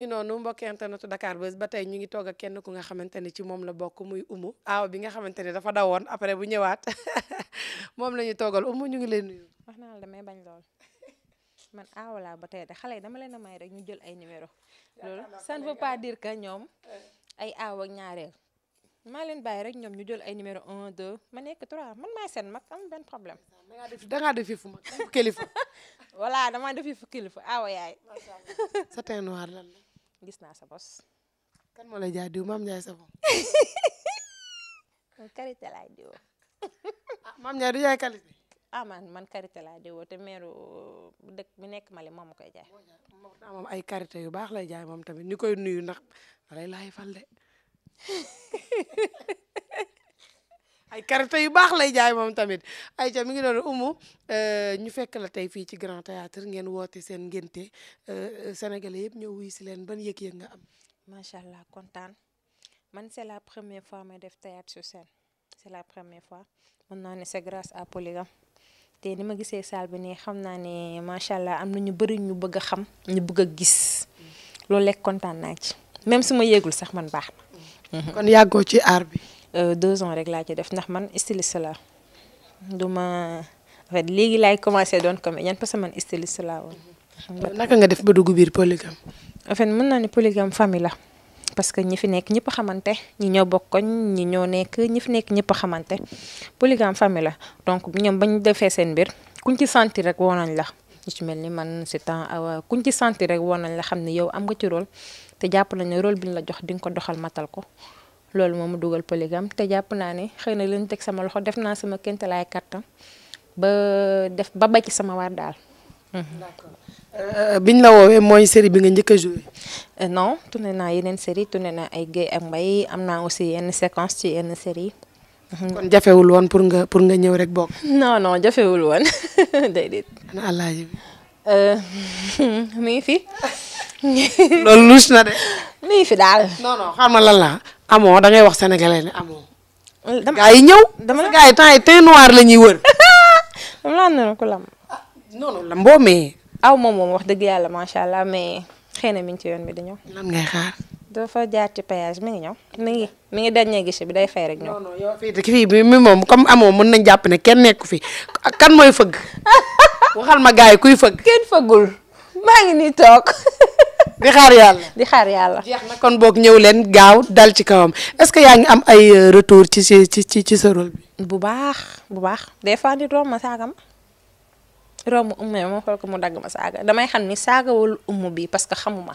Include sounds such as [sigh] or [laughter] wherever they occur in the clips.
ñu noonu mbokki internetu Dakar Buzz ba tey ñu ngi toog ak kenn ku nga xamante ni ci moom la bokk muy Oumou aaw bi nga xamante ni dafa dawoon après bu ñëwaat [laughs] moom la ñu ñu ngi leen nuyu. wax naa la damay bañ lool man aaw ba tey de xale yi dama leen a may rek ñu jël ay numéro loolu ça ne que ñoom eh. ay aaw ak ñaareel leen bàyyi rek ñoom ñu jël ay numéro 1 2 ma nekk 3 man maay seen mag am benn problème. [laughs] da ngaa def fu mag kilifa. [laughs] voilà damaa def fu kilifa aaw yaay. satin noir gis naa sa bos. kan moo lay jaay diw maam Ndiaye sa [laughs] man karité laay diwoo. [laughs] ah maam Ndiaye du jaay karité. ah man man karité laay diwoo te meeru dëkk nekk Mali moom koy jaay. moom ay karité yu baax lay jaay moom tamit ñu koy nuyu ndax da lay fal de. [laughs] ay karité yu baax lay jaay moom tamit ay ca mi ngi doon umu euh, ñu fekk la tey fii ci Grand Théâtre ngeen woote seen ngénte euh, sénégalais yëpp ñëw wuy si leen ban yëg-yëg nga am macha allah kontaan man c'est la première fois may def théâtre su scène c'est la première fois mën naa ne c'est grâce à Polygame te ni ma gisee salle bi nii xam naa ne macha allah am na ñu bëri ñu bëgg a xam ñu bëgg a gis loolu lekk kontaan naa ci même su ma yéegul sax man baax na kon yàggoo ci aar bi Euh, deux ans rek laa ci def ndax man styliste laa du ma léegi laay commencé doon comédienne parce que man styliste laa woon. Euh, naka nga def ba dugg biir polygame. en fait mën naa ne polygame famille la parce que ñi fi nekk ñëpp xamante ñi ñoo bokkoñ ñi ñoo nekk ñi fi nekk ñëpp xamante polygame famille la donc ñoom ba ñu defee seen mbir kuñ ci sentir rek woo nañ la. ñu ci mel ni man si temps euh, kuñ ci sentir rek woo nañ la xam ne yow am nga ci rôle te jàpp nañ ne rôle bi ñu la jox di nga ko doxal matal ko. loolu moo ma dugal polygame te jàpp naa ne xëy na leen teg sama loxo def naa sama kéemtalaay kattan ba def ba ba sama war daal. Euh, biñ la woowee mooy série bi nga njëkk a joué. Euh, non tourné naa yeneen série tourné naa ay Guèye ak mbay am naa aussi yenn séquence ci yenn série [laughs] kon jafewul woon pour nga pour nga ñëw rek bokk. non non jafewul woon [laughs] déedéet. Euh, [laughs] fi. loolu luus na de. mi fi daal. non non xam amoo dangay ngay wax sénégalais ne amoo. dama gaa yi ñëw. dama la gaa yi temps yi noir la ñuy wër. [laughs] dama la ne ko lam. ah non non lam mais. aw moom moom wax dëgg yàlla macha allah mais xëy na mi ngi ci yoon bi di ñëw. lan ngay xaar. fa jaar ci péage mi ngi ñëw mi ngi mi ngi dañee guichet bi day fay rek ñëw. non non mi moom comme amoo mën nañ jàpp ne kenn nekku fi kan mooy fëg [laughs] waxal ma gars yi kuy fëgg. kenn fëggul maa ngi nii toog. [laughs] di xaar yàlla di xaar yàlla. jeex na kon boo ñëw leen gaaw dal ci kawam est-ce que yaa ngi am ay euh, retour ci ci ci ci sa rôle bi. bu baax bu baax des fois nit romb ma saagam romb umme ma xool ko mu dagg ma saaga damay xam ni saagawul umm bi parce que xamuma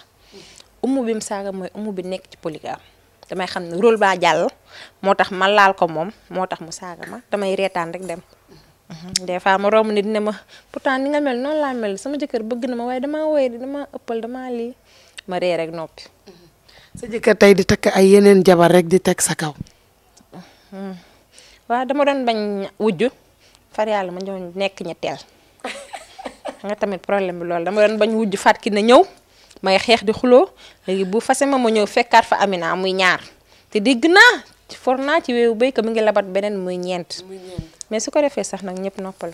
umm bi mu saaga mooy umm bi nekk ci polygame damay xam ne rôle baa jàll moo tax ma laal ko moom moo tax mu saaga ma damay reetaan rek dem. Umm, des fois ma romb nit ne ma pourtant ni nga mel noonu laa mel sama jëkkër bëgg na ma waaye damaa woy dama ëppal damaa lii. ma ree rek noppi. Mm-hmm. sa jëkkër tey di takk ay yeneen jabar rek di teg sa kaw. Mm-hmm. waa dama doon bañ wujj far yàlla ma ñëw nekk ñetteel [laughs] nga tamit problème bi loolu dama doon bañ wujj faat ki na ñëw may xeex di xuloo léegi bu fase ma ma ñëw fekkaat fa Amina muy ñaar te digg naa for naa ci weewu béykat mi ngi labat beneen muy ñeent. mais su ko defee sax nag ñëpp noppal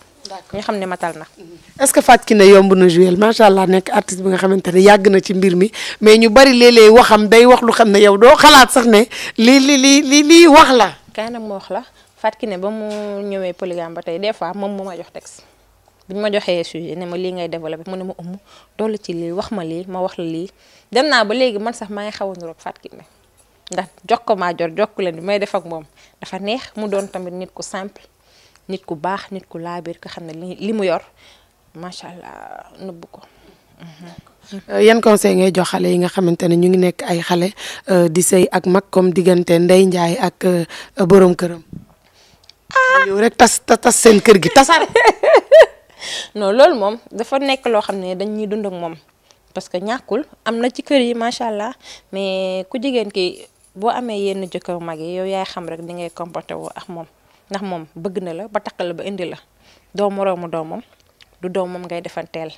ñu xam ne matal na est-ce que ki Kiné yomb na jouer macha allah nekk artiste bi nga xamante ne yàgg na ci mbir mi mais ñu bari léeg-léeg waxam day wax lu xam ne yow doo xalaat sax ne lii li li li lii wax la kaay nag mu wax la Fatou ne ba mu ñëwee polygame ba tey des fois moom moo ma jox texte bi ñu ma joxee sujet ne ma lii ngay développé mu ne ma umm doolu ci lii wax ma lii ma wax la lii dem naa ba léegi man sax maa ngi xaw a niroog Fatou Kiné ndax jox ko maa jor jokk leen bi may def ak moom dafa neex mu doon tamit nit ku simple nit ku baax nit ku laabir ko xam ne li mu yor macha allah nëbb ko. Euh, yan conseil ngay jox xale yi nga xamante ne ñu ngi nekk ay xale euh, di sëy ak mag comme diggante Ndeye Ndiaye ak euh, borom këram. Ah! yow rek tas tas seen kër gi tasar [laughs] non loolu moom dafa nekk loo xam ne dañ ñuy dund ak moom parce que ñàkkul am na ci kër yi macha allah mais ku jigéen ki boo amee yenn jëkkër mag yi yow yaay xam rek ni ngay comporté woo ak moom. ndax moom bëgg na la ba takk la ba indi la doo moroomu doomam du doomam ngay defanteel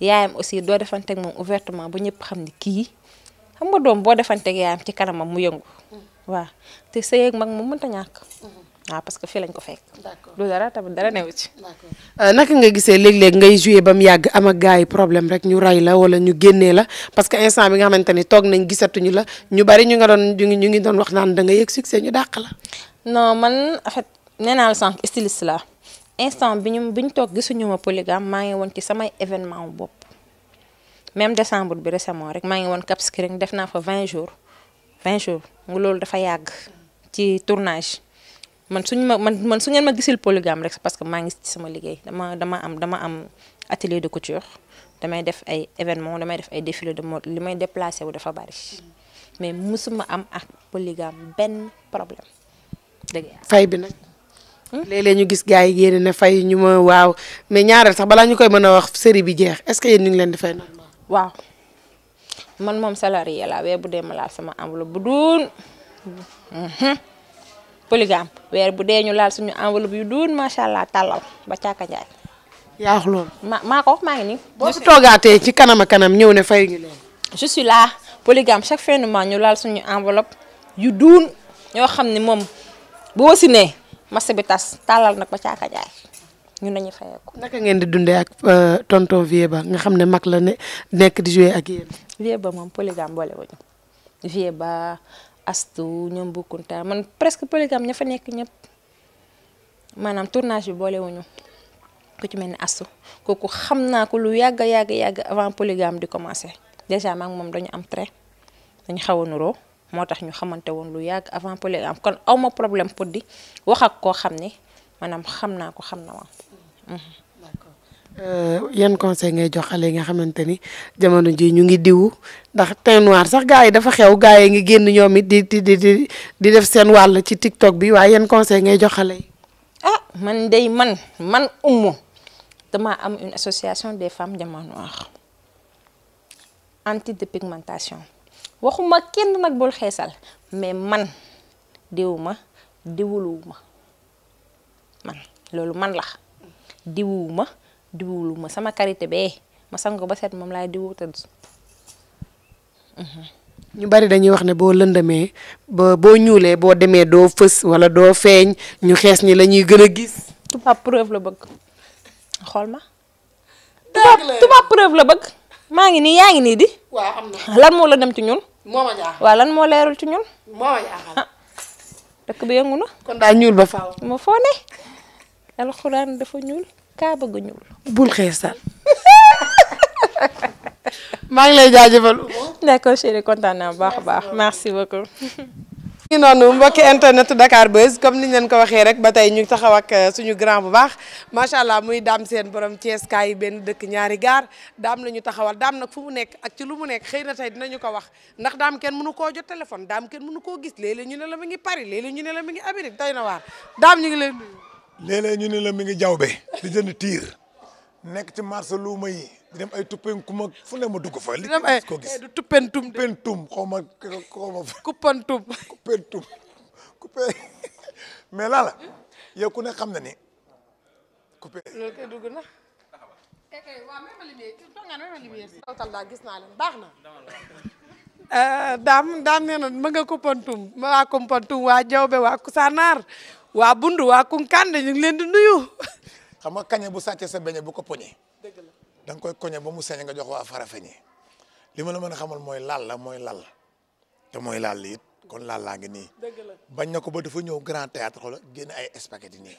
yaayam aussi doo defanteeg moom ouvertement ba ñëpp xam ni kii xam nga doom boo defanteeg yaayam ci kanamam mu yëngu. Mm-hmm. waaw te sëy ak mag moom mënta ñàkk. Mm-hmm. waaw parce que fii lañ ko fekk. d'accord lu dara tamit dara newu ci. Euh, naka nga gisee léeg-léeg ngay joué ba mu yàgg am ak gars yi problème rek ñu rey la wala ñu génnee la parce que instant bi nga xamante ni toog nañ gisatuñu la ñu bari ñu nga doon ñu ngi ñu ngi doon wax naan da nga yëg succès ñu dàq la. non man en fait nee naa la sànq styliste la instant bi ñu bi ñu toog gisuñu ma polygame maa ngi woon ci samay événement wu bopp même décembre bi récemment rek maa ngi woon Cap Skirring def naa fa 20 jours 20 jours nga loolu dafa yàgg ci tournage man suñu ma man man su ngeen ma gisil polygame rek parce que maa ngi ci sama liggéey dama dama am dama am atelier de couture damay def ay événement damay def ay défilé de mode li may déplacé wu dafa bari mais ma am ak polygame benn problème fay bi nag. Hmm? léeg-léeg ñu gis gars yi yéene na fay ñu ma waaw mais ñaareel sax balaa ñu koy mën a wax série bi jeex est-ce que yéen ñu leen di fay nag. man moom salarié laa weer bu dee ma laal sama enveloppe bu duun. Mhm. weer bu dee ñu laal suñu enveloppe yu duun macha allah tàllal ba caaka njaay. ma maa ko toogaatee ci kanam kanam ñëw ne fay ñu leen. je laal suñu enveloppe ñoo xam ne moom. boo si ne marché bi tas tàllal nag ba caaka jaay ñu dañuy fayee ko. naka ngeen di dundee ak euh, tonton Vieux Ba nga xam ne mag la ne nekk di jouer ak yéen. Vieux Ba moom polygame boole wuñu Vieux Ba astu ñoom bukkunta man presque polygame ña fa nekk ñëpp maanaam tournage bi boole wuñu ku ci mel ni astu kooku xam naa ko lu yàgg yàgg yàgg avant polygame di commencer déjà maak moom dañu am trait dañu xaw a nuroo moo tax ñu xamante woon lu yàgg avant polygame kon awma problème pour di wax ak koo xam ni maanaam xam naa ko xam na ma. Euh, yan conseil ngay jox xale yi nga xamante ni jamono ji ñu ngi diw ndax teint noir sax gars yi dafa xew gars yi ngi génn ñoom it di di di di def seen wàll ci TikTok bi waaye yan conseil ngay jox xale yi. ah man day man man umu dama am une association des femmes jamono noir de dépigmentation. waxuma kenn nag bul xeesal mais man diwuma diwuluwuma man loolu man la diwuma diwuluwuma sama karité bee ma sangu ba set moom lay diwu tëdd ñu bari dañuy wax ne boo lëndamee ba boo ñuulee boo demee doo fës wala doo feeñ ñu xees ñi lañuy gën a gis. tubaab preuve la bëgg xool ma. tubaab tubaab preuve la bëgg. maa ngi nii yaa ngi nii di. waaw am na lan moo la dem ci ñun. moo ma lan moo leerul ci ñun. moo ma jaaxal ah, dëkk na. ñuul ba faaw. ma foo ne. alxuraan dafa ñuul kaa bëgg ñuul. bul xeesal. [laughs] maa ngi lay jaajëfal. d'accord chérie kontaan naa bu baax a baax. merci beaucoup. [laughs] ñu noonu mbokki internet Dakar Buzz comme niñ leen ko waxee ba tey ñu taxaw uh, suñu grand bu baax macha allah muy daam seen borom Thiès kaay benn dëkk ñaari gaar daam la taxawal daam nag fu mu nekk ak ci lu mu nekk xëy na tey dinañu ko wax ndax daam kenn mënu koo jot téléphone daam kenn mënu koo gis léeg ñu ne la mi ngi Paris léeg-léeg ñu ne mi ngi Amérique tey na waar daam ñu ngi leen nuyu léeg ñu ne la mi ngi jawbe di jënd tiir nekk ci marché luuma yi di ay tuppenkum ak fu dugg fa. li ko gis du tuppentum de tuppentum xaw ma xaw ma. kuppantum kuppentum coupé ku xam na ni coupé. gis naa leen baax na. Euh, daam daam nee na waa kumpantum waa jawbe waa waa bundu waa kunkande ñu ngi leen di nuyu. xam kañe bu sàccee sa beñe bu ko poñee. danga koy koñe ba mu sañ nga jox waa Farafeñe li ma la mën a xamal mooy laal la mooy lal te mooy laal li kon laal laa ngi nii. bañ na ko ba dafa ñëw grand théâtre xoolal génn ay spaghetti nii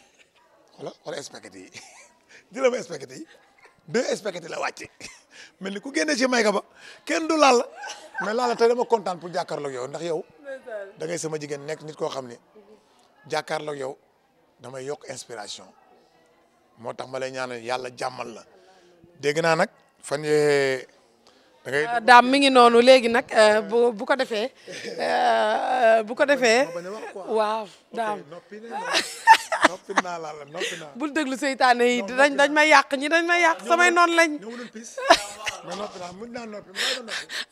xoolal xoolal spaghetti yi [laughs] juróomi spaghetti yi deux la wàcce [laughs] mel ni ku génne ci may ka ba kenn du laal mais laal la tey dama kontaan pour jàkkaarloog yow ndax yow da ngay sama jigéen nekk nit koo xam ni jàkkaarloog yow damay yokk inspiration moo tax ma lay ñaan yàlla jàmmal la. dégg naa nag fa yee daam ah, mi ngi noonu léegi nag euh, bu bu ko defee euh, bu ko defee waaw daam [laughs] noppi naa bul déglu seytaane yi dañ dañ ma yàq ñi dañ ma yàq samay noonu lañ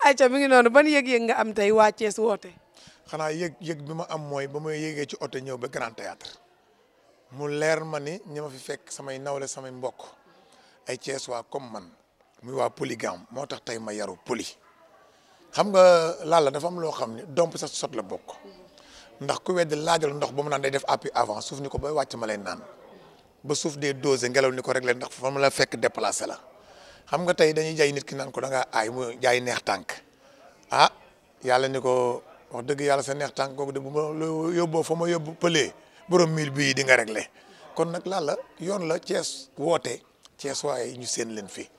ayca [laughs] mi ngi noonu ban yëg-yëg nga am tey waa Thiès woote xanaa yëg yëg bi ma am mooy ba may yëgee ci oto ñëw ba Grand Théâtre mu leer ma ni ñi fi fekk samay nawle samay mbokk ay Thiès waa comme man muy waa polygame moo tax tey ma yaru poli xam nga Lalla dafa am loo xam ne domp sax sot la bokk ndax ku wedd laajal ndox ba mu naan day def appui avant suuf ni ko ba wàcc ma lay naan ba suuf dee dosé ngelaw ni ko réglé ndax fa ma la fekk déplacé la xam nga tey dañuy jaay nit ki naan ko danga ngaa aay mu jaay neex tànk ah yàlla ni ko wax dëgg yàlla sa neex tànk kooku de bu ma yóbboo fa ma yóbbu pëlee borom mil bii di nga réglé kon nag Lalla yoon la Thiès woote Cees waaye ñu seen leen fii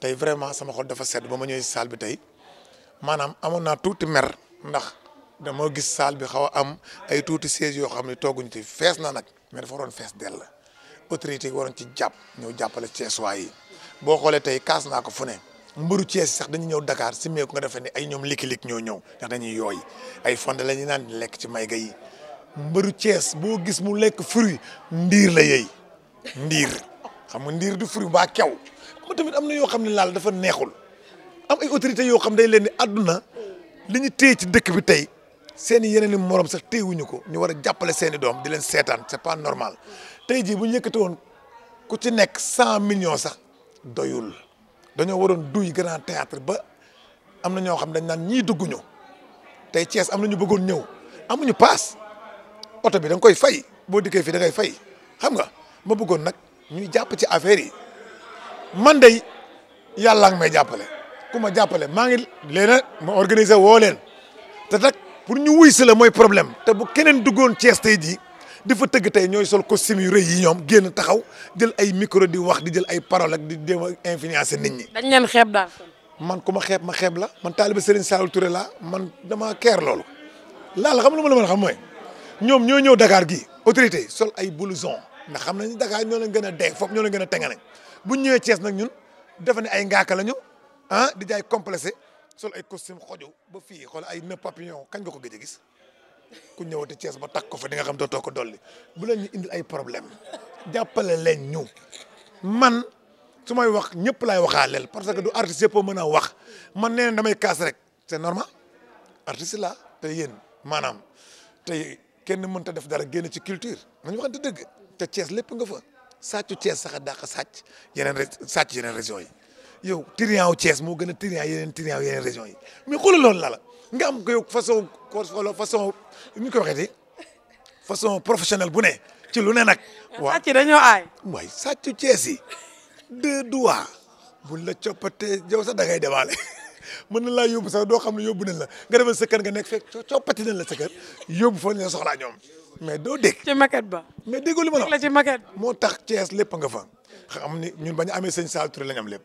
tey vraiment sama xol dafa sedd ba ma ñëwee si bi tey maanaam amoon naa tuuti mer ndax dama gis salle bi xaw a am ay tuuti siège yoo xam ne tooguñu ci fees na nag mais dafa waroon fees dell autorité yi waroon ci jàpp ñëw jàppale Cees waay yi boo xoolee tey kaas naa ko fu ne mbëru Cees sax dañu ñëw Dakar si meeku nga defee ni ay ñoom likki-lik ñoo ñëw ndax dañuy yooy ay fonde la ñu naan lekk ci may ga yi mbëru Cees boo gis mu lekk fruit ndiir la yey ndiir xam nga ndiir du fruit mbaa kew ma tamit am na yoo xam ne laal dafa neexul am ay autorités yoo xam day leen ni àdduna li ñu téye ci dëkk bi tey seen yeneen morom sax téyewuñu ko ñu war a jàppale seen i doom di leen seetaan c'est pas normal tey jii bu ñu yëkkate woon ku ci nekk cent million sax doyul dañoo waroon duy grand théâtre ba am na ñoo xam dañ naan ñii dugguñu tey Thiès am na ñu bëggoon ñëw amuñu paas oto bi da koy fay boo dikkee fii dangay ngay fay xam nga ma bëggoon nag. ñuy jàpp ci affaire yi man day yàlla ngi may jàppale ku ma jàppale maa ngi leen ma organiser woo leen te nag pour ñu wuy si la mooy problème te bu keneen duggoon Thiès tey jii di fa tëgg tey ñooy sol costume yu yi ñoom génn taxaw jël ay micro di wax di jël ay parole ak di dem a influencer nit ñi. dañ leen xeeb daal. man ku ma xeeb ma xeeb la man taaliba Serigne Saliou Touré laa man dama keer loolu laal xam lu ma la mën a xam mooy ñoom ñooy ñëw dakaar gi autorité sol ay blouson ndax xam nañu Dakar ñoo leen gën a dee foofu ñoo leen gën a tengale bu ñëwee cees nag ñun defe ne ay ngaaka lañu ah di jaay complexé sol ay costume xoju ba fii xool ay nœud papillon kañ nga ko gëj gis ku ñëwati Thiès ba takk ko fa di nga xam doo too ko dolli bu leen ñu indil ay problème jàppale leen ñu man su may wax ñëpp laay waxaaleel parce que du artiste yëpp mën a wax man nee na damay kaas rek c'est normal artiste la te yéen maanaam te kenn mënta def dara génn ci culture nañu waxante dëgg. te Thiès lépp nga fa sàccu Thiès sax a dàq sàcc yeneen ré sàcc yeneen région yi yow triant wu Thiès moo gën a triant yeneen triant wu région yi mais xoolal loolu la la nga am ko yow façon wala façon nu ñu koy waxeeti façon professionnel bu ne ci lu ne nag. waaw sàcc dañoo aay. waay sàccu yi deux doigts bu la coppatee yow sax da ngay demaale. [laughs] mën na laa yóbbu sax doo xam ne yóbbu nañ la nga demal sa nga nekk fekk coppati nañ la sa kër yóbbu fa la soxlaa ñoom mais doo dégg. ci maquette ma moo tax Thiès nga fa xam ni ñun bañu amee sëñ Saliou Touré am lépp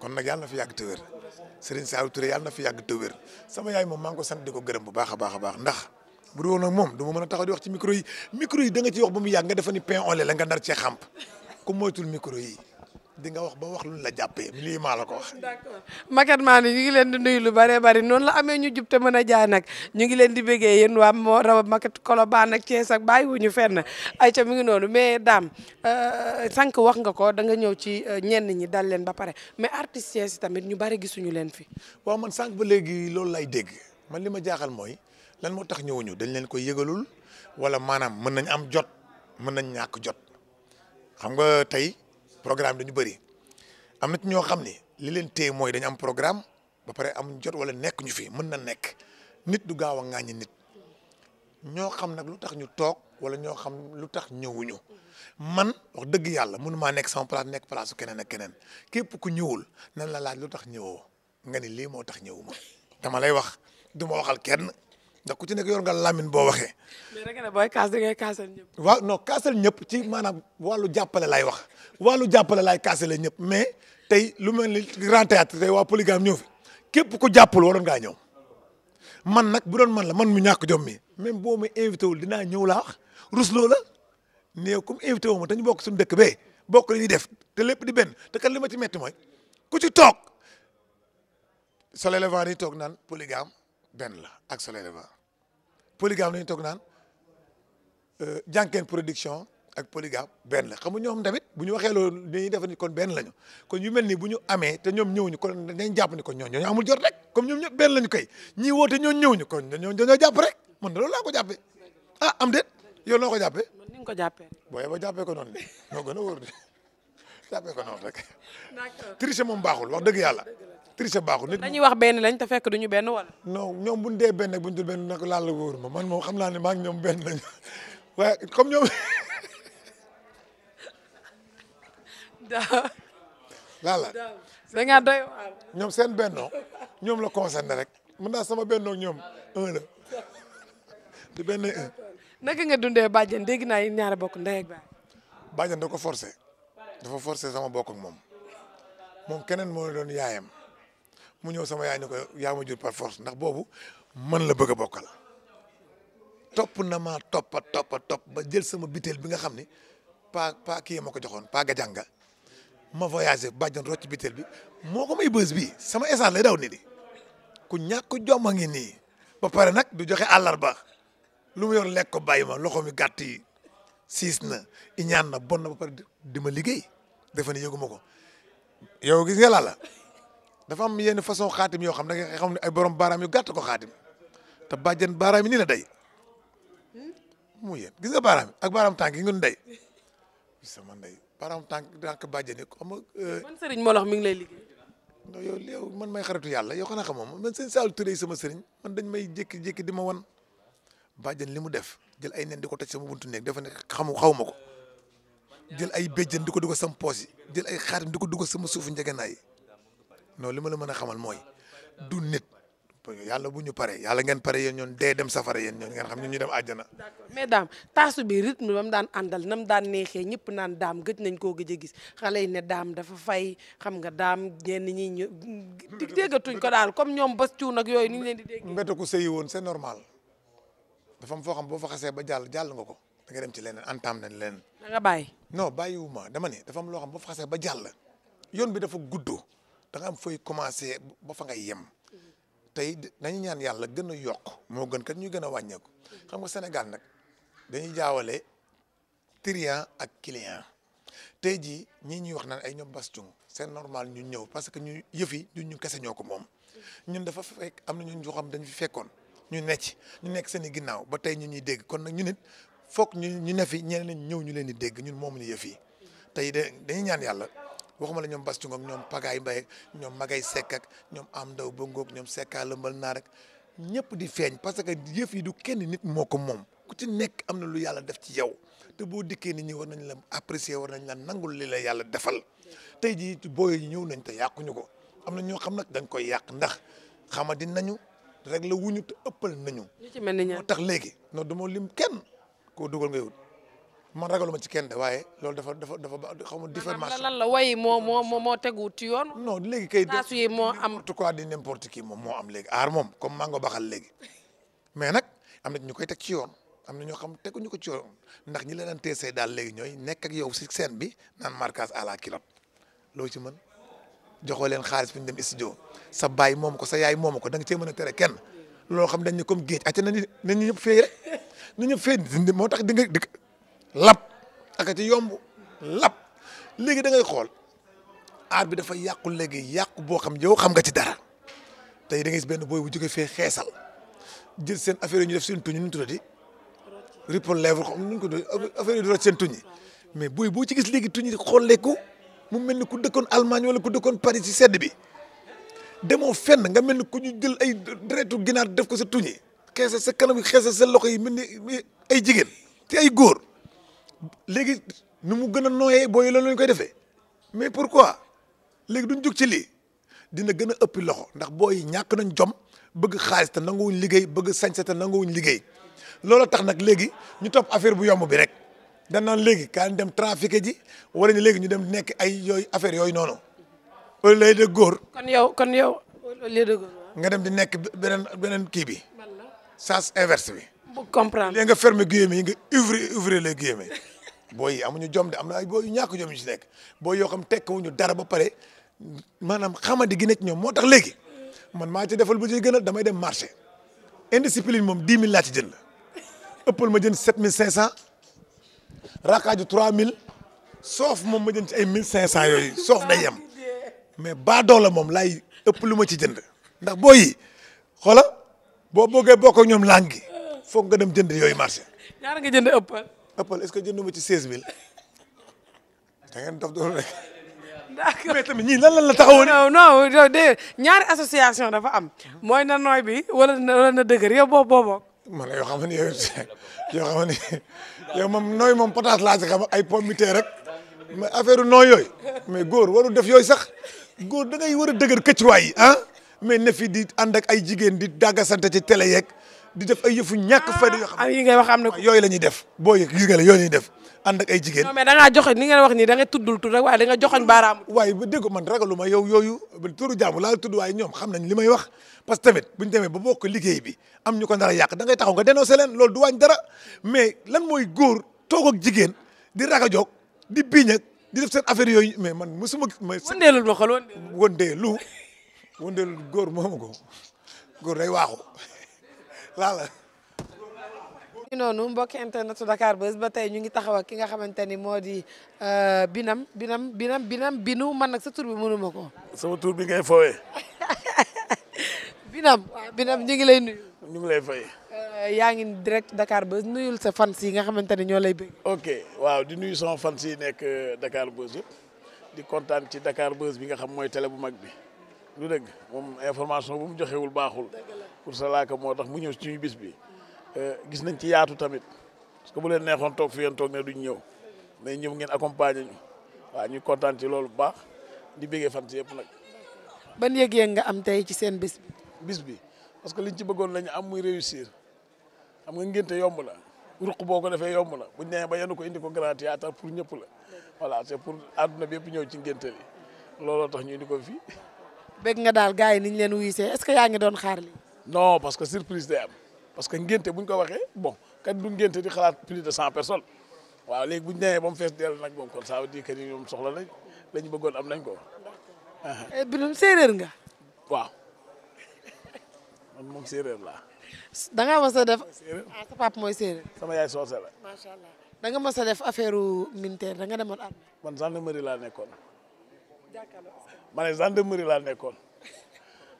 kon nag yàlla fi yàgg te wér sëriñ Saliou na fi yàgg te wér sama yaay moom maa ngi ko gërëm bu baax baax a baax ndax bu dul du ma mën a taxaw di wax ci micro yi micro yi da nga ci wax ba mu yàgg nga defa ni pain au lait la nga nar cee xamp ku moytul micro yi di nga wax ba wax lu la jàppee lii maa la ko wax. d'accord Maguette Mané ñu ngi leen di nuyu lu bëree bëri noon la amee ñu jub te mën a jaay nag ñu ngi leen di bëggee yéen waa moo raw Maguette Colobane ak ak bàyyi wu ñu fenn ayca mi ngi noonu mais daam euh, sànq wax nga ko da nga ñëw ci euh, ñenn ñi dal leen ba pare mais artistes tamit ñu bëri gisuñu leen fi. waaw man sànq ba léegi loolu lay dégg man li ma jaaxal mooy lan moo tax ñëwuñu dañ leen koy yëgalul wala maanaam mën nañ am jot mën nañ ñàkk jot xam nga tey programme dañu bëri am na ñoo xam ne li leen téye mooy dañu am programme ba pare amuñ jot wala nekk ñu fi mën na nekk nit du gaaw a ŋàññi nit ñoo xam nag lu tax ñu toog wala ñoo xam lu tax ñëwuñu man wax dëgg yàlla mënu maa nekk sama place nekk place keneen ak keneen képp ku ñëwul nan la laaj lu tax ñëwoo nga ni lii moo tax ñëwuma dama lay wax duma waxal kenn. ndax ku ci nekk yor nga làmmiñ boo waxee. mais rek da ngay kaasal ñëpp. waaw ñëpp ci maanaam wàllu jàppale laay wax wàllu jàppale laay kaasale ñëpp mais tey lu ma ni grand théâtre tey waa polygame ñëw fi képp ku jàppul waroon gaa ñëw man nag bu doon man la man mu ñàkk jom mi même boo ma invité wul dinaa ñëw laa wax rusloo la nee comme invité wu ma te ñu bokk suñu dëkk bee bokk li ñu def te lépp di benn te kat li ma ci metti mooy ku ci toog soleil levant yi toog naan polygame benn la ak Soleil Levant polygame la ñu toog naan euh, jànkeen production ak polygame benn la xam nga ñoom tamit bu ñu waxee loolu dañuy def ni kon benn lañu kon yu mel ni bu ñu amee te ñoom ñëw ñëwuñu kon dañ jàpp ni kon ñoo ñoo amul jot rek comme ñoom ñëpp benn lañu koy ñii woote ñoo ñëwuñu kon dañoo dañoo jàpp rek man loolu laa ko jàppee ah am déet yow noo ko jàppee. ni nga ko jàppee. booy ba jàppee ko noonu de gën a wóor de [laughs] jàppee ko noonu rek. d'accord tricher moom baaxul wax dëgg yàlla. tricher baaxul nit dañuy wax benn lañ ta fekk duñu benn wala non ñoom buñ dee benn ak buñ dul benn nag laal la wóoru ma man moom xam naa ne maa ñoom benn lañ comme ñoom [laughs] daaw ñoom seen bennoo ñoom la concerné rek mën naa sama bennoo ñoom un la di benn un naka nga dundee bàjjen dégg naa yi ñaari bokk ndey ak baay bàjjen da ko forcé dafa forcé sama bokk moom moom keneen moo doon yaayam mu ñëw sama yaay ne ko yaama ma jur par force ndax boobu man la bëgg a bokkal topp na ma toppa toppa topp ba jël sama biteel bi nga xam ne pa pa kii ma ko joxoon pa gajanga ma voyagé bàjjan rocc biteel bi moo ko may bës bii sama essence lay daw ni di ku ñàkk jom a ngi nii ba pare nag du joxe ba lu mu yor lekk ko bàyyi ma loxo mi gàtt yi siis na iñaan na bon na ba pare di ma liggéey dafa ne yëgu ma ko yow gis nga laa dafa am yenn façon xaatim yoo xam da nga xam ne ay borom baaraam yu gàtt ko xaatim te bàjjen baaraam yi nii la day mu yéen gis nga ak baaraam tànk yi ngeen day sama ndey baaraam tànk tànk bàjjen yi xam nga. man euh, sëriñ moo mi ngi lay liggéey. non yow man may xaritu yàlla yoo xam ne xamoo man sëñ Saalum Touré sama sëriñ man dañ may jékki-jékki di ma wan bàjjen li mu def jël ay nen di ko toj sama buntu néeg dafa ne xamu xaw ma ko jël ay béjjën di ko dugg sama poos yi jël ay xaatim di ko sama suufu njëgënaay yi non li ma la mën a xamal mooy du nit yàlla bu ñu pare yàlla ngeen pare yéen ñoon dee dem safara yéen ñoon ngeen xam ñun ñu dem àjjana. mais daam taasu bi rythme ba mu daan àndal na mu daan neexee ñëpp naan daam gëj nañ koo gëj a gis xale yi ne daam dafa fay xam nga daam ñenn ñi ñu dig déggatuñ ko daal comme ñoom bas cuun ak yooyu ni ñu leen di dégg. mbete ku sëyi woon c'est normal dafa am foo xam boo fa xasee ba jàll jàll nga ko da nga dem ci leneen antam nañ leen. da nga bàyyi. non bàyyiwuma dama ne dafa am loo xam boo fa xasee ba jàll yoon bi dafa guddoo da nga am fooy commencé ba fa ngay yem tey dañu ñaan yàlla gën a yokk moo gën kat ñuy gën a wàññeeku xam nga senegal nag dañuy jaawale client ak client tey jii ñii ñuy wax naan ay ñoom bastung c'est normal ñu ñëw parce que ñu yëfi ñu kese ñoo ko moom ñun dafa fekk am na ñun ñoo xam dañu fi fekkoon ñu necc ñu nekk seen i ginnaaw ba tey ñu ñuy dégg kon nag ñu nit foog ñu ñu ne fi ñeneen ñëw ñu leen di dégg ñun moom ñu yëf yi tey de dañuy ñaan yàlla waxuma la ñoom Bass Thioung ak ñoom Pagaay Mbaye ak ñoom Magay Seck ak ñoom am ndaw bëngoog ñoom Secka lëmbal naa rek ñëpp di feeñ parce que yëf yi du kenn nit moo ko moom ku ci nekk am na lu yàlla def ci yow te boo dikkee nit ñi war nañ la apprécier war nañ la nangul li la yàlla defal tey jii booy ñëw nañ te yàquñu ko am na ñoo xam nag dañ koy yàq ndax xamadi nañu rek la wuñu te ëppal nañu. ñu ci mel ni ñaar moo tax léegi noo du lim kenn koo dugal nga wut. man ragaluma ci kenn de waaye loolu dafa dafa dafa xaw ma diffamation lan la way moo moo moo tegu ci yoon. non léegi kay. taasu yi moo am en tout cas di n'importe moom moo am léegi aar moom comme mango baxal léegi. mais nag am na ñu koy teg ci yoon am na ñoo xam teguñu ko ci yoon ndax ñi la teesee daal léegi ñooy nekk ak yow si scène bi naan à la culotte loo ci mën joxoo leen xaalis bi ñu dem studio sa baay moom ko sa yaay moom ko da nga cee mën a tere kenn loolu xam dañ ne comme géej àcc na nit ñi ñëpp fay rek nit ñëpp fay moo tax di nga lap ak ci yomb lab léegi da ngay xool aar bi dafa yàqu léegi yàqu boo xam yow xam nga ci dara te da ngay benn booy bu jógee fee xeesal jël seen affaire yi ñu def seen tuñ ñu tuddati ripon lèvre xam nuñ ko doon affaire yi du rot mais booy boo ci gis léegi tuñ yi xolleeku mu mel ni ku dëkkoon Allemagne wala ku dëkkoon Paris ci sedd bi demoo fenn nga mel ni ku ñu jël ay deretu ginaar def ko sa tuñ yi xeesal sa kanam xeesal sa loxo yi mel ni ay jigéen te ay góor. léegi nu mu gën a nooyee booy loolu lañ koy defee mais pour pourquoi léegi duñ jug ci lii dina gën a ëppi loxo ndax booy yi ñàkk nañ jom bëgg xaalis te nanguwuñ liggéey bëgg sañse te nanguwuñ liggéey loolu tax nag léegi ñu topp affaire bu yomb bi rek dañ naan léegi kaa ñu dem trafiqué ji wala ñu léegi ñu dem nekk ay yooyu affaire yooyu noonu au lieu de góor. kon yow kon yow nga dem di nekk beneen beneen kii bi sens inverse bi. bu comprendre léegi nga fermer guillemet yi nga uvre ouvrir les guillemets. booy yi amuñu jom de am na ay booy yu ñàkk jom ci nekk booy yoo xam tekkiwuñu dara ba pare maanaam xamadi gi nekk ñoom moo tax léegi man maa ci defal bu ci gën a damay dem marché indiscipline moom 10 000 laa ci jënd ëppal ma jënd 7500 raakaaju 3000 soof moom ma jënd ci ay 1500 yooyu soof na yem mais baa doole moom laay ëpp lu ma ci jënd ndax booy yi xoola boo bëggee bokk ak ñoom langi foog nga dem jënd yooyu marché. ñaar nga jënd ëppal. ëppal est-ce que jënduma ci 16000 da ngeen dof doon rek. d'accord mais tamit ñii lan lan la taxawoon. non non association dafa am. mooy na nooy bi wala na wala na dëgër yow boobu boo bokk. man la yoo xam ne yow moom nooy moom potaas laa si xam ay pommitee rek ma affaire nooy yooyu mais góor waru def yooyu sax góor da ngay war a dëgër këccuwaay yi me ah. mais ne di ànd ay jigéen di dàggasante ci télé yeeg. di def ay yëfu ñàkk ah, fayda yoo xam yi ngay wax am na yooyu la def booy yëg gis nga ñuy def ànd ak ay jigéen non joxe ni ngeen wax nii da nga tuddul tur rek waaye da nga joxoñ baaraam waaye ba dégg man ragaluma yow yooyu turu jaamu laa tudd waaye ñoom xam nañ li may wax parce que tamit buñu demee ba bokk liggéey bi am ñu ko nar a yàq da ngay taxaw nga dénoncé leen loolu du wàññi dara mais lan mooy góor toog ak jigéen di ragajoog di biiñ ak di def seen affaire yooyu mais man mosuma ma wëndeelul ma xol wëndeelu wëndeelu góor moomu ko góor day waaxu laala ñu noonu mbokk internetu Dakar Buzz ba tey ñu ngi taxaw ki nga xamante ni moo di euh, binam binam binam binam binu man nag sa tur bi mënuma ko sama tur bi ngay fowee [laughs] binam waaw binam ñu ngi lay nuyu ñu ngi lay fay euh, yaa ngi direct Dakar Buzz nuyul sa fans yi nga xamante ne ñoo lay bëgg ok waaw di nuyu sama fans nekk euh, Dakar Buzz di kontaan ci Dakar bi nga xam mooy télé bu mag bi lu dëgg moom information bu mu joxewul baaxul pour salaaka moo tax mu ñëw ci bis euh, gis nañ ci yaatu tamit parce que neexoon toog fi yéen toog ne mais ñëw ngeen accompagner ñu waaw ñu kontaan ci loolu bu baax di bëggee fan si yëpp nag. ban yëg-yëg am tey ci seen bi. bis bi parce que liñ ci bëggoon lañu am muy réussir xam nga ngénte yomb la ruq boo ko defee yomb la buñ nee ba yenu ko indi ko grand théâtre pour ñëpp la voilà c'est pour àdduna bi yëpp ñëw ci ngénte li looloo tax ñu indi ko fii. bëgg nga daal gars yi niñ leen wuysee est-ce que yaa ngi doon xaar li non parce que surprise day am parce que ngénte bu ñu ko waxee bon kat du di xalaat plus de cent personnes waaw léegi bu ñu demee ba mu fees dell nag moom kon ça veut dire que ni soxla nañ lañu bëggoon am nañ ko. Eh, Birame séeréer nga. waaw man moom séeréer laa. da ngaa mës a def ah mooy séeréer. sama yaay la. macha allah da nga mës a def affaire militaire da nga demoon armée. man mari laa nekkoon. jàkkaarloo ma ne gendarmerie laa nekkoon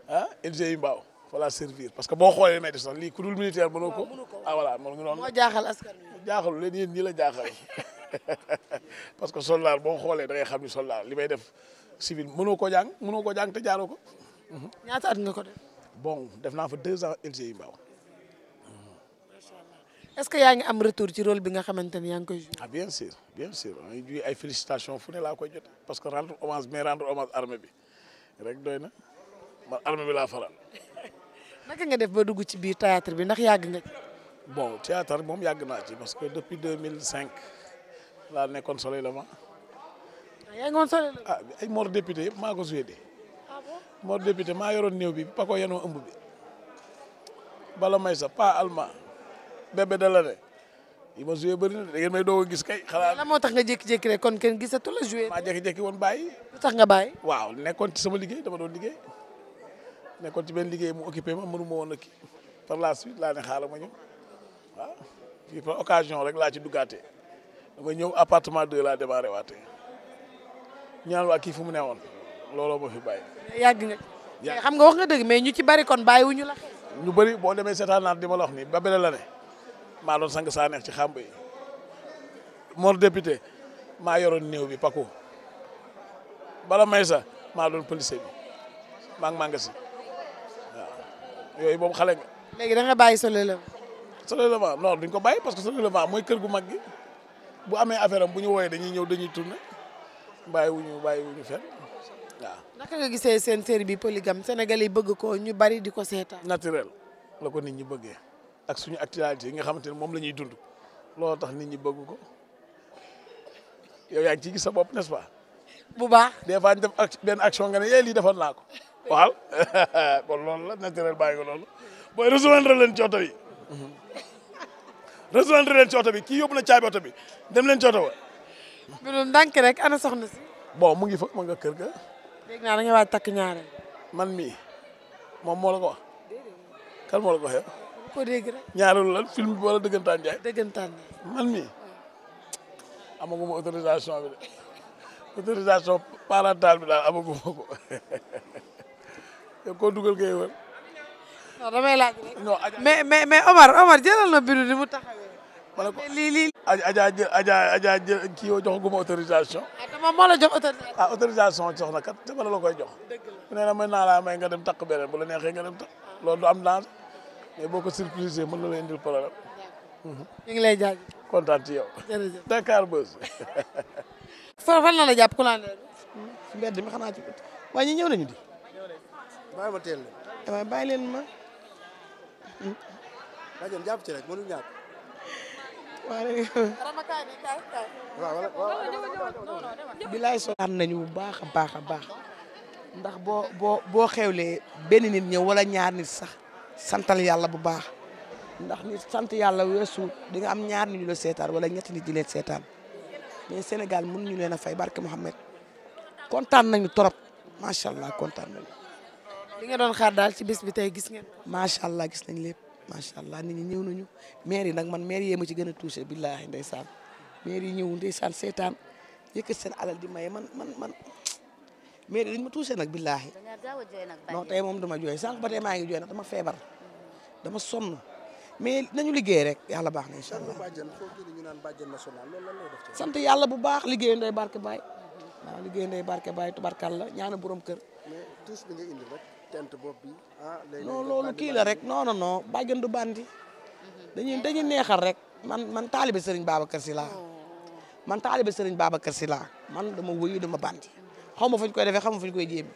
ah LG yu mbaaw. voilà servir parce que boo xoolee may def sax lii ku dul militaire mënoo ko. ah voilà moom ñu moo jaaxal askan wi leen yéen ñi la jaaxal [laughs] parce que soldat boo xoolee da ngay xam ni soldat li may def civil mënoo koo jàng mënoo koo jàng te jaaroo ko. Mhm. ñaata at nga ko def. bon def naa fa deux ans LGI Mbao. est-ce que yaa ngi am retour ci rôle bi nga xamante ni yaa ngi koy joué. ah bien ay juy fu ne laa koy jotee parce que rendre hommage mais rendre hommage armée bi rek doy na man armée bi laa faral. naka nga def ba dugg ci biir théâtre bi ndax yàgg nga bon théâtre moom yàgg na ci parce que depuis 2005 laa nekkoon Soleil Levant. Ah, yaa ngi woon Soleil Levant ah ay mor député yëpp maa ko suyee ah mor maa yoroon néew bi pa ko yenoo ëmb bi bala may sa pa alma bébé da la yi ma joué bëri na da ngeen may doog a gis kay. xalaat la moo tax nga jékki-jékki rek kon kenn gisatu la joué. maa jékki-jékki woon bàyyi. tax nga bàyyi. waaw nekkoon ci sama liggéey dama doon liggéey. nekkoon ci benn liggéey mu occupé ma mënu woon a kii par la suite laa ne xaaral ma ñëw waaw fii par occasion rek laa ci duggaatee dama ñëw appartement deux laa démarré waatee ñaan waa kii fu mu ne woon looloo ma fi bàyyi. xam nga wax nga dëgg mais ñu ci bari kon bàyyiwuñu la. ñu bëri boo demee seetaan naat di ma la ba beneen la ne maa doon sang saa ci xàmb yi Mor député maa yoroon néew bi Paco bala may sa maa doon policier bi maa ngi mànga si yooyu boobu xale nga. léegi da nga bàyyi Soleil Levant non duñ ko bàyyi parce que Soleil mooy kër gu mag gi bu amee affaire am bu ñu wooyee dañuy ñëw dañuy tourné bàyyi wu ñu bàyyi wu ñu seen série bi polygame sénégalais yi bëgg ko ñu bari di ko seetaan. naturel la ko nit ñi bëggee ak suñu actualité yi nga xamante ne moom la ñuy dund loolu tax nit ñi bëgg ko yow yaa ngi ciy gis sa bopp n'est-ce bu baax des fois ñu def benn action nga ne yee eh, lii defoon naa ko. waaw kon [laughs] lool la naturel bàyyi ko loolu booy rejoindre leen ci oto yi rejoindre leen ci oto bi kii yóbbu na caabi oto bi dem leen ci bi doon ndànk rek ana soxna si bon mu ngi fa ma nga kër ga dégg naa takk ñaareel man mii moom moo la ko wax kan moo la ko waxee ko dégg rek film bi wala dëggantaan jaay man mii amaguma autorisation bi de [laughs] autorisation parentale bi daal amaguma ko [laughs] yow koo dugal ngay wër. non damay laaj rek. mais mais mais Omar Omar jëlal na bindu ni mu taxawee. wala ko lii lii. Adja jë Adja Adja jë kii yoo joxaguma autorisation. ah dama moo la jox autorisation. ah autorisation na kat te bala la koy jox. dëgg la nee mën naa laa may nga dem takk beneen bu la neexee nga dem takk. loolu do am danger mais boo ko surprisé mën na la indil problème. ñu ngi lay jaajëf. kontaan ci yow. jërëjëf Dakar Buzz. [laughs] foofu fan la la jàpp ku la andee. mbedd mi xanaa ci ñi ñëw nañu di. bàyyi ma teel leen. waaw bàyyi leen ma. rajo jàpp ci rek mënuñu ñàkk. waaw léegi. nañu bu baax a baax a baax ndax boo boo boo xewlee benn nit ñëw wala ñaar nit sax santal yàlla bu baax ndax nit sant yàlla weesu di nga am ñaar nit ñu la seetaan wala ñetti nit di leen seetaan mais Sénégal mënuñu leen a fay barke Mouhamed kontaan nañu trop macha allah kontaan nañu. li nga doon xaar daal si bés bi tey gis ngeen. macha allah gis nañ lépp macha allah nit ñi ñëw nañu maire yi nag man maire yee ma ci gën a touché billaahi ndeysaan maire yi ñëw ndeysaan seetaan yëkkat seen alal di maye man man man maire yi dañ ma touché nag billaahi. non tey moom dama jooy sànq ba tey maa ngi jooy nag dama feebar dama sonn. mais nañu liggéey rek yàlla baax na incha allah sant yàlla bu baax liggéey ndey barke baay waaw liggéey ndey barke baay tubarkalla ñaana borom kër. mais tous bi nga indi rek. tent bopp bi ah. léegi non loolu kii rek noo non non bàjjan du bandi. dañuy mm-hmm. dañuy neexal rek man man taalibe Serigne Babacar Sy laa oh. man taalibe Serigne Babacar Sy laa man dama wëyu dama bandi xaw ma fu ñu defee xaw ma fu koy jéemi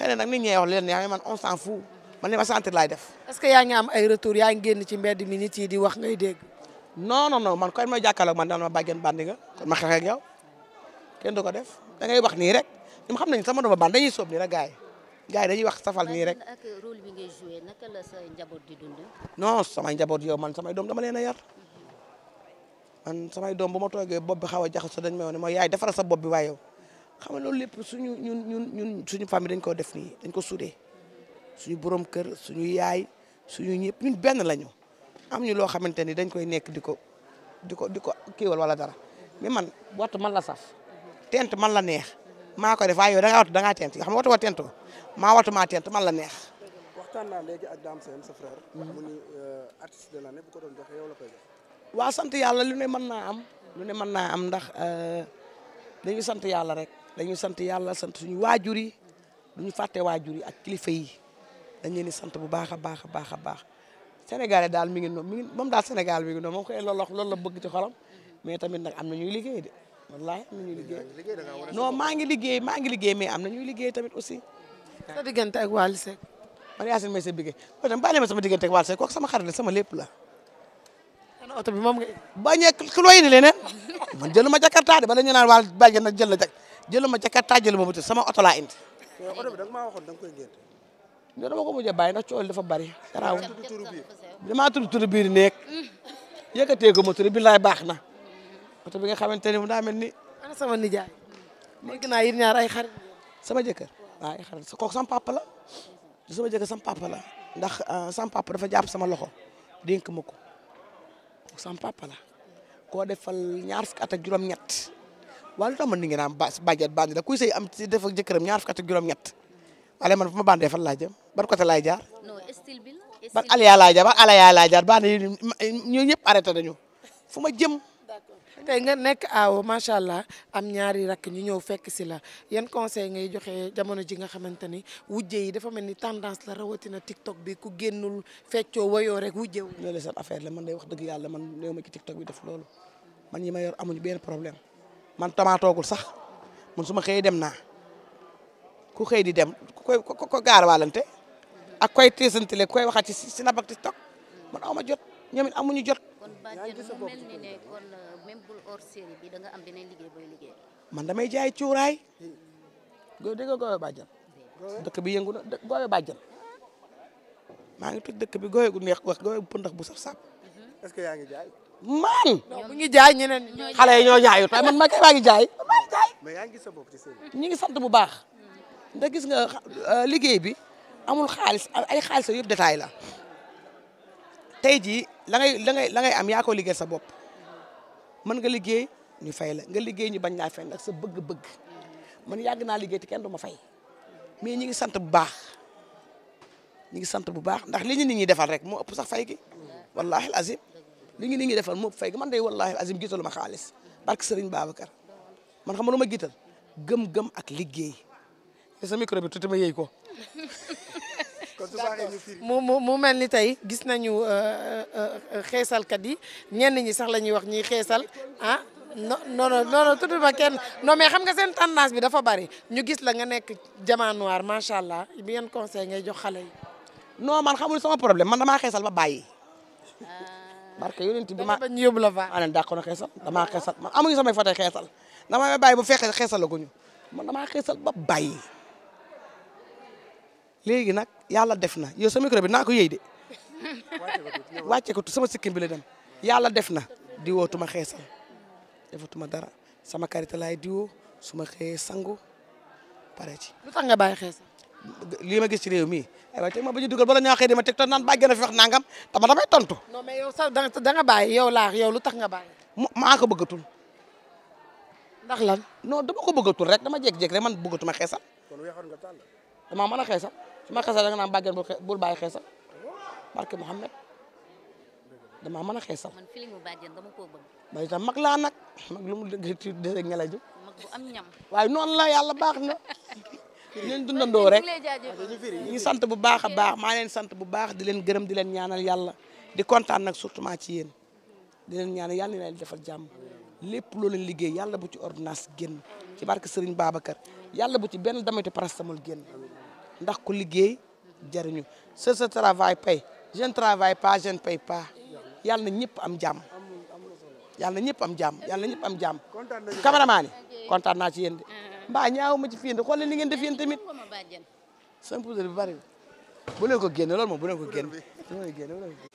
xëy na nag nit ñee leen yaa man on s'en ma sentir laay def. est que yaa ngi am ay retour yaa ngi génn ci mbedd mi nit yi di wax ngay dégg. noo non non man kon may jàkkaarloog man daan ma bàjjan bandi nga kon ma xeex ak yow kenn def da ngay wax nii rek ñoom xam nañ sama dama band dañu soob nii rek gars gars yi dañuy wax safal nii rek. ak rôle bi ngay joué naka la sa njaboot di dund. non samay njaboot yow man samay doom dama leen a yar man samay doom bu ma toogee bopp bi xaw a jaxasoo dañ may wax ne ma yaay defaral sa bopp bi waaye yow loolu lépp suñu ñun ñun ñun suñu famille dañ ko def nii dañ ko sudee suñu borom kër suñu yaay suñu ñëpp ñun benn lañu am ñu loo xamante ni dañ koy nekk di ko di ko di ko kiiwal wala dara mais man wattu man la saf tent man la neex. maa ko def waaye yow da ngaa watu da ngaa tent xam nga watu wa tent maa watu maa tent man la neex. waxtaan naa ak Dame Sène sa frère. mu ni euh, artiste bu ko doon joxe yow la koy jox. waaw sant yàlla lu ne man naa am. lu ne mën naa am ndax euh, dañuy sant yàlla rek dañuy sant yàlla sant suñu waajur yi ñu fàtte waajur yi ak kilifa yi dañ leen di sant bu baax a baax a baax a baax sénégalais daal mi ngi noonu mi moom daal Sénégal mi ngi noonu moom koy loolu loolu la bëgg ci xolam mais tamit nag am na ñuy liggéey de. wallahi am nañuy liggéey non maa ngi liggéey maa ngi liggéey mais am nañuy liggéey tamit aussi. sa diggante ak Wally Seck. man Yacine may sa biggéey loolu tam bàyyi ma sama diggante ak Wally Seck kooku sama xarit la sama lépp la. xanaa oto bi moom nga. bañ a ku looy indi leneen man jëluma jakarta de bala ñu naan Wally bàyyi na jël la jak jëluma jakarta jëluma moto sama oto laa indi. mais oto bi da nga maa waxoon da nga koy génn. ñoo dama ko mujj a bàyyi ndax coono dafa bari. damaa tudd turu biir nekk yëkkatee ko ma turu bi laay baax na oto bi nga xamante ni mu daa mel ni. ana sama nijaay. dégg naa yéen ñaar ay xarit. sama jëkkër waaw ay xarit kooku sama papa la sama jëkkër sama papa ndax euh, sama dafa jàpp sama loxo dénk ma ko kooku sama koo defal ñaar fukki juróom-ñett waaye lu tax man ni ngeen am ba bàjjet bàjjet def ak jëkkëram ñaar fukki at laa jëm ban côté laay laa jaar ban alayaa laa jaar baa ne ñoom ñëpp arrêté nañu fu ma jëm. tey nga nekk aawo macha allah am ñaari rakk ñu ñëw fekk si la yan conseil ngay joxe jamono ji nga xamante ni wujje yi dafa mel ni tendance la rawatina TikTok bi ku génnul feccoo woyoo rek wujje wu. loolu seen affaire la man day wax dëgg yàlla man néew ma ci TikTok bi def loolu ma yor amuñu benn problème man tomatoogul sax man su ma xëyee dem naa ku xëy di dem ku koy ku ko gaar waalante ak koy tiisantile koy waxaat ci si Snap ak TikTok man aw jot ñoom amuñu jot. kon bàjjen mu mel ni ne kon euh, même bul hors série bi da nga man damay jaay cuuraay. go dégg nga gooyo bàjjen. dëkk bi yëngu na gooyo bàjjen. maa ngi tudd dëkk bi gooyo gu neex wax gooyo bu pëndax bu saf saf. Mhm. est que yaa ngi jaay. man. mu ngi jaay ñeneen ñoo xale yi ñoo jaayut waaye man ma kay maa ngi jaay. maa ngi yaa ngi gis sa bopp ci série. ñu ngi sant bu baax. ndax gis nga euh, liggéey bi amul xaalis ay xaalis yëpp détail la tey jii la ngay la ngay la ngay am yaa ko liggéey sa bopp mën nga liggéey ñu fay la nga liggéey ñi bañ naa fay ak sa bëgg-bëgg man yàgg naa liggéey ti kenn du ma fay mais ñi ngi sant bu baax ñi ngi sant bu baax ndax li ñu nit ñi defal rek moo ëpp sax fay gi wallahi azim li ñu nit ñi defal moo fay gi man day wallahi azim giitalu ma xaalis barke Serigne Babacar man xam nga lu ma giital gëm-gëm ak liggéey te sa micro bi tuuti ma yëy ko [laughs] mu mu mu mel ni tey gis na ñu nañu euh, euh, euh, xeesalkat yi ñenn ñi sax la ñuy wax ñiy xeesal ah non non non tudd ma kenn non mais xam nga seen tendance bi dafa bari ñu gis la nga nekk jaman noir macha allah bi ngeen conseil ngay jox xale yi. non man xamul sama problème man damaa xeesal ba bàyyi. Ah. barke yonent bi ma bañ yóbbu la fa ma ah, leen dàqoon a xeesal damaa xeesal man amuñu samay foto xeesal damaa bàyyi bu fekkee xeesal la ko ñu man damaa xeesal ba bàyyi. léegi nag yàlla def na yow sa micro bi naa ko yëy de [laughs] wàcce ko sama sikkim bi la dem yàlla def na diwoo tuma defatuma dara sama karité laay diwoo su ma xëyee sangu pare ci. lu tax nga bàyyi xeesal. lii ma gis ci réew mi aywa teg ma ba ñu dugal bala ñoo di ma teg toon naan bàyyi gën fi wax nangam dama damay tontu. non mais yow sax da nga laax yow lu tax nga bàyyi. maa bëggatul. ndax lan non dama ko bëggatul rek dama jékki-jékki rek man bëggatuma xeesal. kon weexoon nga mën a xeesal. su ma xeesal da nga naan bàggeen bul xe bul bàyyi xeesal barke Mouhamed damaa mën a xeesal. man feeling bu bàjjen koo bëgg. ba itam mag laa nag mag lu mu dëgg ci dëgg ak ñala ju. am ñam. waaye noonu la yàlla baax na. ñun [laughs] dundandoo rek ñu ngi sant bu baax a baax maa leen sant bu baax di leen gërëm di leen ñaanal yàlla di kontaan nag surtout ci yéen di leen ñaanal yàlla na leen defal jàmm lépp loo leen liggéey yàlla bu ci ordinance génn ci barke Serigne Babacar yàlla bu ci benn damay te parastamol génn ndax ku liggéey jariñu ce ce travail paye je ne travaille pas je ne paye na ñëpp am jàmm yàlla na ñëpp am jàmm yàlla na ñëpp am jàmm cameraman yi kontaan naa ci yéen de ah, ah, ah. mbaa ñaaw ma ci fii de xool li ngeen def yéen tamit seen puudar bi bari bu leen ko génne lool moom bu leen ko génne